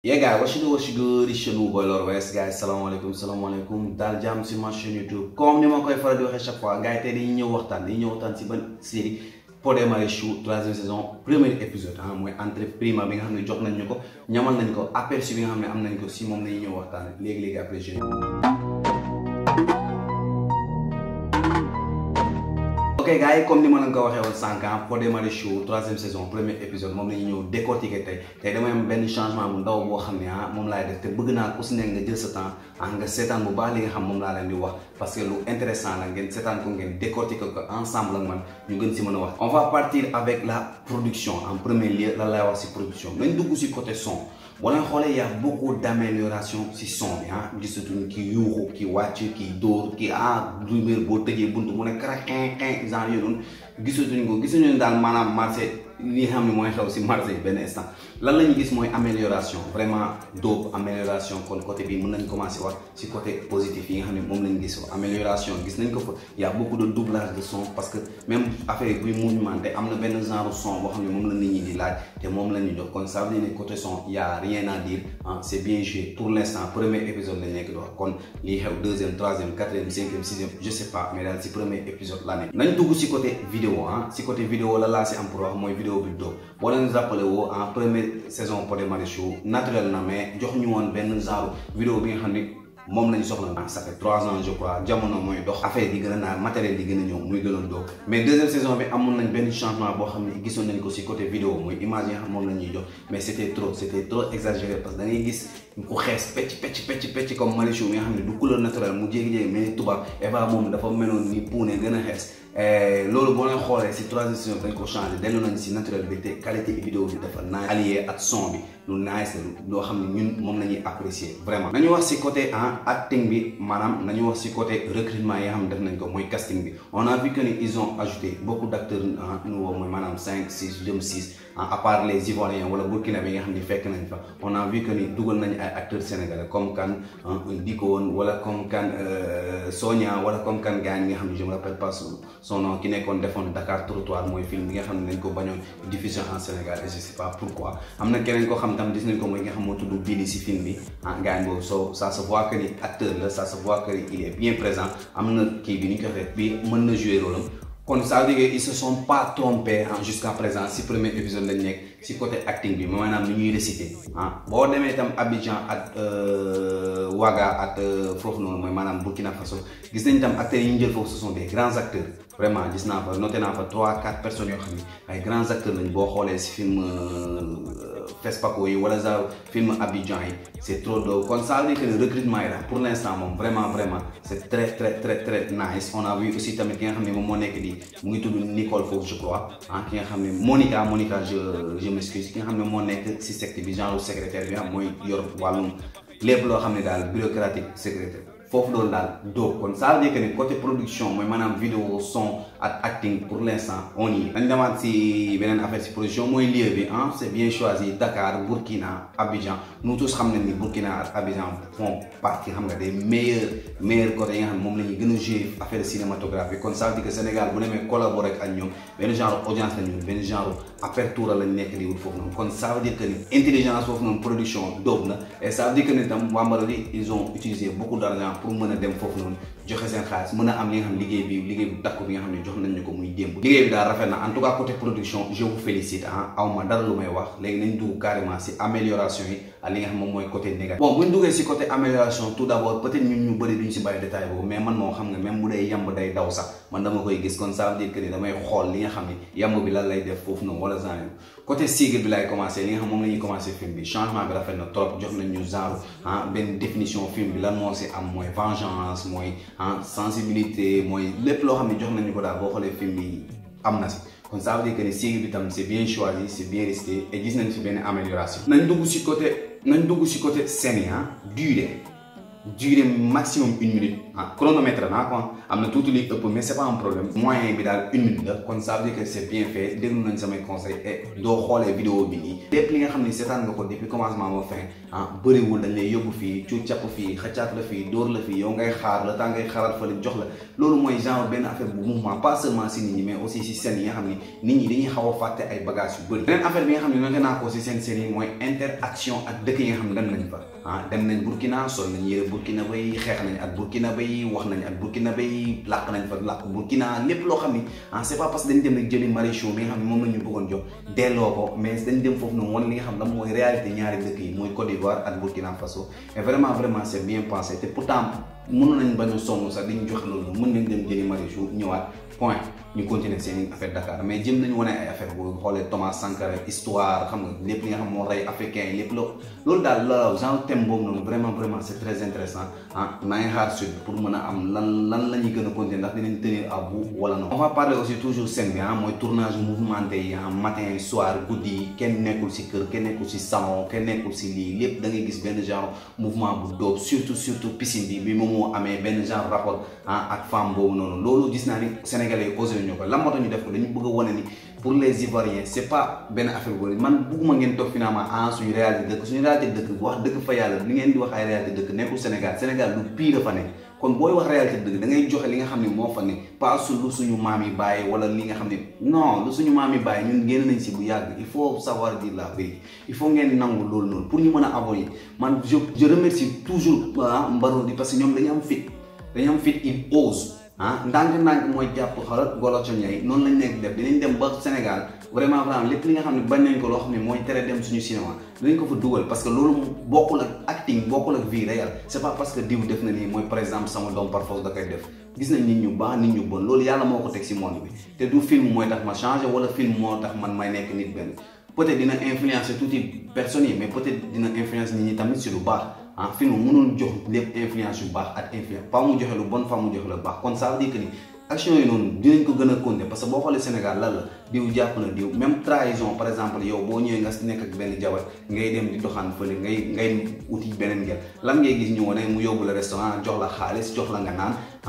yeah guys what's good what's good it's your new boy Lord West guys salaamaaleykum salaamaaleykum daal jàmm si ma chaîne YouTube comme ni ma koy faral di waxee chaque fois gars yi tey dañuy ñëw waxtaan dañuy ñëw waxtaan si ban série Pod et Marichou troisième saison premier épisode ah mooy entrée première bi nga xam ne jox nañ ñu ko ñamal nañ ko aperçu bi nga xam ne am nañ ko si moom lañuy ñëw waxtaan léegi-léegi après ok gars yi comme ni ma leen ko waxee woon sànq Pod et Marichou troisième saison premier épisode moom la ñu ñëw décortiquer tey tey damay am benn changement bu ndaw boo xam ne ah moom laay def te bëgg naa ku si nga jël sa temps ah nga seetaan bu baax li xam moom laa leen wax parce que lu intéressant la ngeen seetaan ko ngeen décortiquer ko ensemble ak man ñu gën si mën a wax. on va partir avec la production en premier lieu lan laay wax si production nañ dugg si wala leen xoolee y a beaucoup d'amélioration si son bi ah gisatuñu ki yuuxu ki wàcc ki dóor ki ah lumière boo tëjee bunt mu ne kara quin quin genre yooyu noonu gisatuñu ko gisuñu daal maanaam marché li nga xam ne mooy xew si marché yi benn instant lan la gis mooy amélioration vraiment dóob amélioration kon côté bi mën nañ commencé wax si côté positif yi nga xam ne moom lañ gis amélioration gis nañ ko fa y' a beaucoup de doublage de son parce que même affaire buy mouvementé am na benn genre son boo xam ne moom la nit ñi laaj te moom la ñu jox kon ça veut ne côté son y' a rien à dire ah bien joué pour l' premier épisode lañ nekk di wax vidéo bi doog boo leen rappelé woo en première saison Pod et Marichou naturel na mais jox ñu woon benn genre vidéo bi nga xam ni moom lañ soxla ah ça fait trois ans je crois jamono mooy dox affaire di gën a naar matériel di gën a ñëw muy gënoon doog mais deuxième saison bi amoon nañ benn changement boo xam ne gisoon nañ ko si côté vidéo mooy image yi nga xam moom la ñuy jox mais c' était trop c' était trop exagéré parce que da ngay gis ku xees pecc pecc a xees Eh, loolu boo leen xoolee si transition dañ ko changé dellu si naturel bi te qualité vidéo bi dafa naan allié ak son bi lu nice la loo xam ne ñun moom la ñuy apprécier vraiment. nañu wax si côté ah acting bi maanaam nañu wax si côté recrutement yi xam ne def nañ ko mooy casting bi on a vu que ni ils ont ajouté beaucoup d' acteurs ah, nouveaux mooy maanaam cinq six jëm six ah, wala burkinabé yi nga xam ne fekk nañ fa on a vu que ni dugal nañ ay acteurs sénégalais comme kan ah, Diko wala comme kan euh, Sonia wala comme kan gars nga xam ne je me rappelle pas ki nekkoon defoon Dakar trottoir mooy film bi nga xam ne nañ ko bañoon diffusion tam gis nañ ko mooy nga xam moo tudd Billy si film bi ah gars boobu soo ça se voit que ni acteur la ça se voit que il est bien présent am na kii bi ni ñu ko bi mën na jouer rôle kon sa veut dire que ils se sont pas trompés en jusqu'à présent si premier épisode lañ nekk. si côté acting bi maanaam ni ñuy réciter ah boo demee itam Abidjan ak euh, Ouaga ak euh, foofu noonu mooy maanaam Burkina Faso gis nañ itam acteurs yi ñu jël foofu ce sont des grands acteurs vraiment gis naa fa noté naa fa trois quatre personnes yoo xam ne ay grands acteurs lañ boo xoolee si film euh, Fespaco yi wala sa film Abidjan yi c'est trop de kon ça veut dire yi daal pour l'instant moom vraiment vraiment c'est très très très très nice on a vu aussi t ki nga xam ne moom moo nekk di mu ngi tudd m'excuse ki nga xam ne moo nekk si secte bi genre secrétaire bi am mooy yor wàllum lépp loo xam ne daal bureaucratique secrétaire foofu loolu daal dóob kon ça veut dire que ne côté production mooy maanaam vidéo son ak acting pour l' instant on y dañ demaat si beneen affaire si production mooy lieu bi ah c' est bien choisi Dakar Burkina Abidjan nous tous xam nañ ni Burkina Abidjan font partie xam nga de meilleurs meilleurs côté yi nga xam ne moom la ñuy gën a jouer affaire cinématographique kon ça veut dire que Sénégal bu demee collaborer ak ñoom benn genre audience la ñu benn genre apertura lañ nekk di wut foofu noonu kon ça veut ni intelligence foofu noonu production doo na et ça veut dire que ni tam wàmbara li a dem foofu noonu joxe seen xaalis mën a bi jox nañ ñu ko muy démb liggéey bi daal rafet na en tout cas côté production je vous félicite ah aw ma dara lu may wax léegi nañ dugg carrément si amélioration yi li nga xam moom mooy côté négatif bon bu ñu duggee si côté amélioration tout d' abord peut être ñun ñu si bàyyi détail boobu man moo xam kon ça veut dire li nga xam ne yamb bi lan lay def foofu noonu wala genre côté sigle bi laay commencé li nga xam moom ah, lan moo si am mooy vengeance mooy ah mooy lépp loo xam ne jox nañu ko daal boo xoolee film bi am na si kon ça veut dire que ni sigle bi tam c' est bien choisi c' bien resté et gis nañ si benn amélioration nañ dugg si côté nañ dugg si côté séné ah durée durée maximum une minute ah chronomètre naa quoi am na tuuti li ëpp mais c' est pas un problème moyen bi daal une minute la kon ça que c' bien fait déglu nañ samay conseil e, doo xoolee vidéo bi nii lépp li nga xam ne seetaan nga ko depuis commencement ba fin ah bëriwul dañ lay yóbbu fii cu càpp fii xacaat e, la fii dóor la fii yow ngay xaar la temps ngay xaaraat fële jox la loolu mooy genre benn affaire bu mouvement pas seulement si nit ñi mais aussi si scène yi nga xam ne nit ñi dañuy a fàtte ne noonu naa ko si seen scène yi mooy xeex nañ yi wax nañ ak burkinabé yi làkk nañ fa làkk burkina lépp loo xam ni ah c'est pas parce dem rek jëli Marichou ne moom la ñu bëggoon jox delloo ko mais dañ dem foofu noonu wan li xam lan mooy réalité ñaari dëkk yi mooy Côte d'Ivoire ak Burkina Faso et vraiment vraiment c'est bien pensé te pourtant mënoon nañ bañ a sonn sax dañu joxe loolu mën nañ dem jëli Marichou ñëwaat point ñu continuer seen affaire Dakar mais jëm nañu wane ay affaire bu Thomas Sankara histoire xam nga lépp li africain lépp la daal la genre thème boobu noonu vraiment vraiment c' est très ah, pour mën am lan lan la ñuy gën a continuer ndax dinañ tenir à bout wala non. on va parler aussi toujours scène bi ah si ah, kër kenn nekkul si salon kenn nekkul lii lépp da ngay gis benn genre mouvement bu dóob surtout surtout piscine bi bi moom moo amee benn genre rapport ah ak femme boobu noonu loolu gis naa ni Sénégalais yi defuñu ko lan moo tax ñu def ko dañu bëgg a ni pour les Ivoiriens c' pas benn affaire boobu man bëgguma ngeen toog finalement en ah, suñu réalité dëkk suñu réalité dëkk wax dëkk fa yàlla ni ngeen di wax ay réalité dëkk nekkul Sénégal Sénégal lu pire fa nekk kon booy wax réalité dëgg da ngay joxe li nga xam ne moo fa ne pas lu suñu maam yi bàyyi wala li nga xam ne non lu suñu maam yi bàyyi ñun génn nañ si bu yàgg il faut savoir dire la vérité il faut ngeen nangu loolu noonu pour ñu mën a man je je remercie toujours ah, Mbarodi que ñoom dañu am fit dañu am ah ndànk-ndànk mooy jàpp xolal golo coñ yi noonu lañ nekk def dinañ dem ba Sénégal vraiment vraiment lépp li nga xam ne ba nañ ko loo xam ne mooy tere dem suñu cinéma dinañ ko fa dugal parce que loolu bokkul ak acting bokkul ak vie réelle c'est pas parce que diw def na nii mooy par exemple sama doom par da koy def gis nañ nit ñu baax nit ñu bon loolu yàlla moo ko teg si monde bi te du film mooy tax ma changé wala film moo tax man may nekk nit dina influencer tuuti personnes yi mais peut-être dina influencer nit ñi tamit si ah fi mu mënoon jox lépp influence yu baax ak influence faa joxe lu bon faa mu joxe la baax kon ça veut dire que action yi noonu dinañ ko gën a continuer parce que boo xoolee Sénégal lan la. diw jàpp na diw même trahison par exemple yow boo ñëwee nga nekk ak benn jabar ngay dem di doxaan fële ngay uti beneen ngel lan nga gis ñu wane mu yóbbu la restaurant jox la xaalis jox la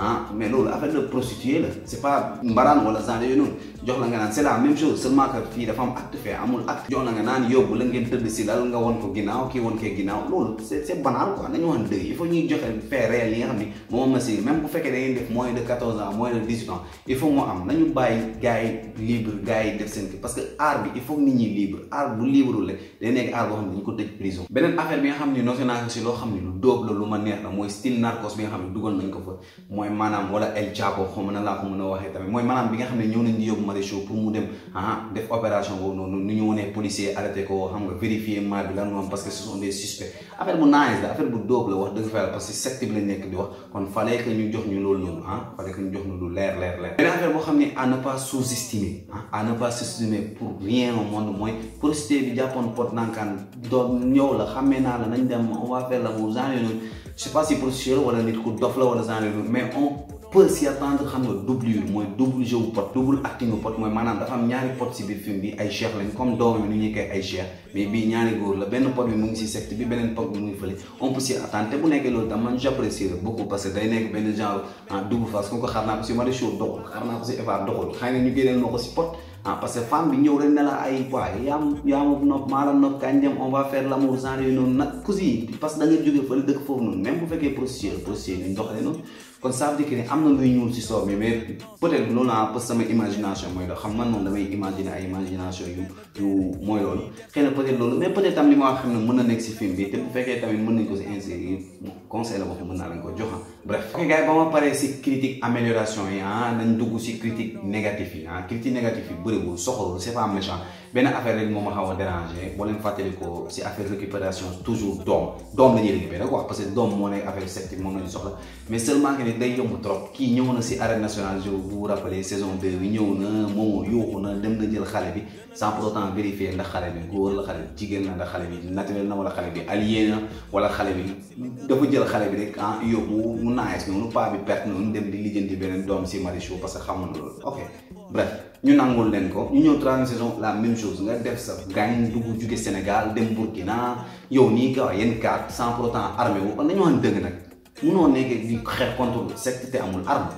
ah, mais loolu affaire de prostituée la c'est pas mbaraan wala genre yooyu noonu jox la nga naan c'est la même chose am nañu wax dëgg il faut ñuy joxe fait réel yi nga xam ni moom ma si même bu bàyyi gars yi gars yi def seen kii parce que art bi il faut nit ñi libre art bu libre la lu ma a waxee tamit mooy maanaam bi nga xam ne ñëw nañ ah, ñu wonee policier arrêté ko xam nga vérifier maa bi lan moo am parce que nekk di wax kon fallait que ñu jox ñu loolu noonu ah fallait ñu jox ñu lu leer leer leer beneen affaire boo xam ne à ne pas à ne pas s'estimer pour rien au monde mooy prostituée bi jàppoon pot nankaan doom ñëw la xàmmee naa la nañ dem on va faire l'amour genre yooyu je sais pas si prostituée la wala nit ku dof la wala genre yooyu mais on peut s'y attendre xam nga doublure mooy double jeu pot double acting bu pot mooy maanaam dafa am ñaari pot si biir film bi ay cheikh lañ comme doom ni ñuy koy ay cheikh mais bii ñaari góor la pot bi mu si secte bi beneen pot bi mu ngi on peut s'y attendre te bu nekkee loolu que day nekk benn genre en double face comme ko xar naa ko si Marichou doxul ah parce que femme bi ñëw rek ne la ay waaye yaa yaa ma nopp maa on va faire l'amour genre yooyu noonu nag kusi parce que da ngay jógee fële dëkk foofu noonu même bu fekkee prostituée kon ça veut dire que am na luy ñuul si soow mi mais peut-être loolu naa sama imagination mooy loolu xam man moom damay imaginer ay imagination yu yu mooy loolu xëy na peut-être loolu mais tam li ma wax xam ne mën na nekk si film bi te bu fekkee tamit mën nañ ko si insérer conseil la boo ko naa lañ ko joxa ah. bref ok gars yi ba ma paree si critique amélioration yi ah nañ dugg si critique négatif yi ah critique négatif yi bëriwul soxorul c'est pas méchant benn affaire rek moo ma xaw a dérangé boo leen fàttali ko si affaire récupération toujours doom doom la ñuy récupéré quoi parce que doom moo nekk affaire septique moom la ñu soxla mais seulement que ni day yomb trop kii ñëw na si arène nationale je vous rappelez saison 2 bi ñëw na moomoo yuuxu na dem na jël xale bi sans pour autant vérifier ndax xale bi góor la xale bi jigéen la ndax xale bi naturel na wala xale bi allié na wala xale bi dafa jël xale bi rek ah yóbbu nice noonu paa bi perte noonu dem di lijjanti beneen doom si Marichou parce que xamul loolu ok bref ñu nangul leen ko ñu ñëw troisième saison la même chose nga def sa gaañ dugg jóge Sénégal dem Burkina yow nii ka yenn carte sans pour autant armé wu nañu wax dëgg nag munoo nekkee di xeex contre secte te amul arme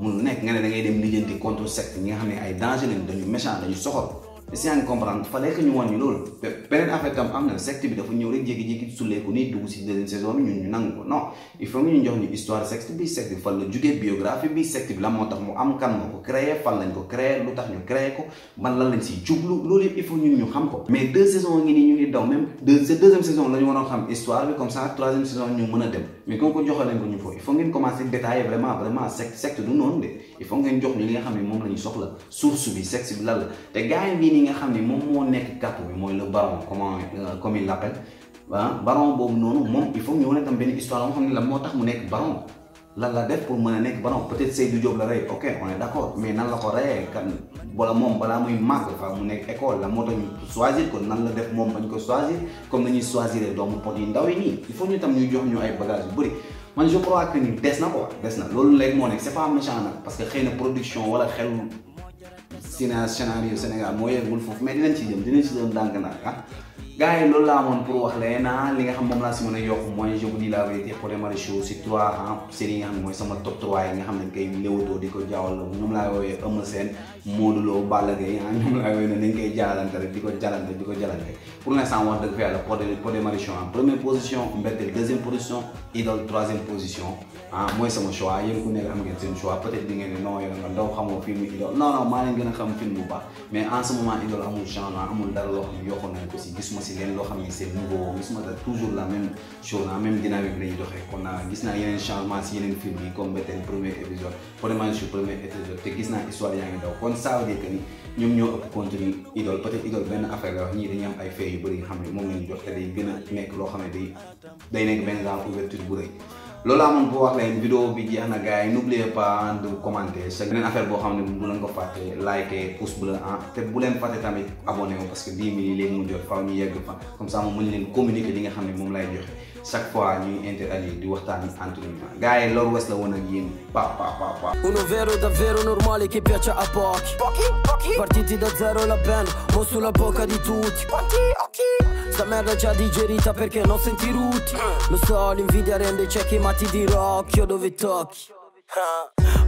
mun nekk nga ne da ngay dem lijjanti contre secte ñi nga xam ne ay danger lañ dañu méchant dañu soxor si yaa ngi comprendre fallait ñu woon ñu loolu beneen affaire tam am na secte bi dafa ñëw rek jékki-jékki sulleeku nii dugg si deuxième saison bi ñun ñu nangu ko non il faut ñu jox ñu bi secte la jugee biographie bi secte bi lan moo tax mu am kan moo ko créé fan lañ ko créé lu tax ñu créé ko man lan lañ siy jublu loolu il faut ñun ñu xam ko mais deux saisons ngi nii ñu ngi daw même deux deuxième saison la ñu waroon xam mën a dem mais comme ko joxaleen ko ñu foofu il faut ngeen commencer détailler vraiment vraiment secte secte du noonu de il faut ngeen jox ñu li nga xam ni moom la ñu soxla source bi secte bi lan la te gars bii nii nga xam ne moom moo nekk kàpp bi mooy le baron comment euh, comme il l'appelle ah baron boobu noonu moom il faut ñu wane tam benn histoire la moo tax mu nekk baron lan la def pour mën a nekk ba non peut-être Seydou Diop la rey ok on est d'accord nan la ko reyee kan wala moom balaa muy màgg fa mu nekk école la moo tax ñu choisir ko nan la def moom bañ ko choisir comme nañuy choisir doomu pot yi ndaw yi nii il faut ñu tam ñu jox ñu ay bagages yu man je crois que ni des na quoi des na loolu léegi moo nekk c'est pas méchant nag parce que xëy na production wala xel ciné scénario Sénégal moo yeggul foofu mais dinañ ci jëm dinañ ci jëm ndànk-ndànk ah gars yi loolu laa amoon pour wax leen ah li nga xam moom laa si mën a yokk mooy je vous dis la vérité pour les Marichou si trois ah série yi nga xam ne mooy sama top 3 yi nga xam ne koy léwatoo di ko jaawal ñoom laa woowee Eumeu Sène Modou Lo Balla Gaye ah ñoom laa woowee ne nañ koy jaalante rek di ko jalante di ko jalante pour l'instant wax dëgg fa yàlla pour pour les Marichou en première position Mbettel deuxième position Idole troisième position ah mooy sama choix yéen ku nekk am ngeen seen choix peut-être di ngeen ne non yow nga ndaw xamoo film Idole non non maa leen gën a xam film bu baax mais en ce moment Idole amul genre amul dara loo xam ne yokkoon nañ ko si gisuma si leen loo xam ni c'est nouveau gisuma daal toujours la même chose la même dynamique la ñuy doxee kon naa gis naa yeneen changement si yeneen film yi comme ba tey premier épisode vraiment sur premier épisode te gis naa histoire yaa ngi daw kon ça veut dire ñoom ñoo ëpp contenu idole peut-être idole benn affaire ñii dañuy ay faits yu bëri xam ne moom la ñu jox te day gën a nekk loo xam ne day day nekk benn genre ouverture bu rëy loolu amoon pour wax leen vidéo bi jeex na gars yi n'oubliez pas de commenter sa beneen affaire boo xam ne bu leen ko fàtte liker pouce bleu te bu leen fàtte tamit abonné wu parce que 10 000 yi léegi mu jot ñu yegg fa comme ça moom mën leen communiquer li nga xam ne moom lay joxe chaque fois ñuy interagir di waxtaan entre nous gars yi Lord West la woon ak yéen pa pa pa pa e a pochi pochi pochi partiti la band di tutti pochi ok Sta merda già digerita perché non senti ruti Lo so, l'invidia rende ciechi ma ti dirò occhio dove tocchi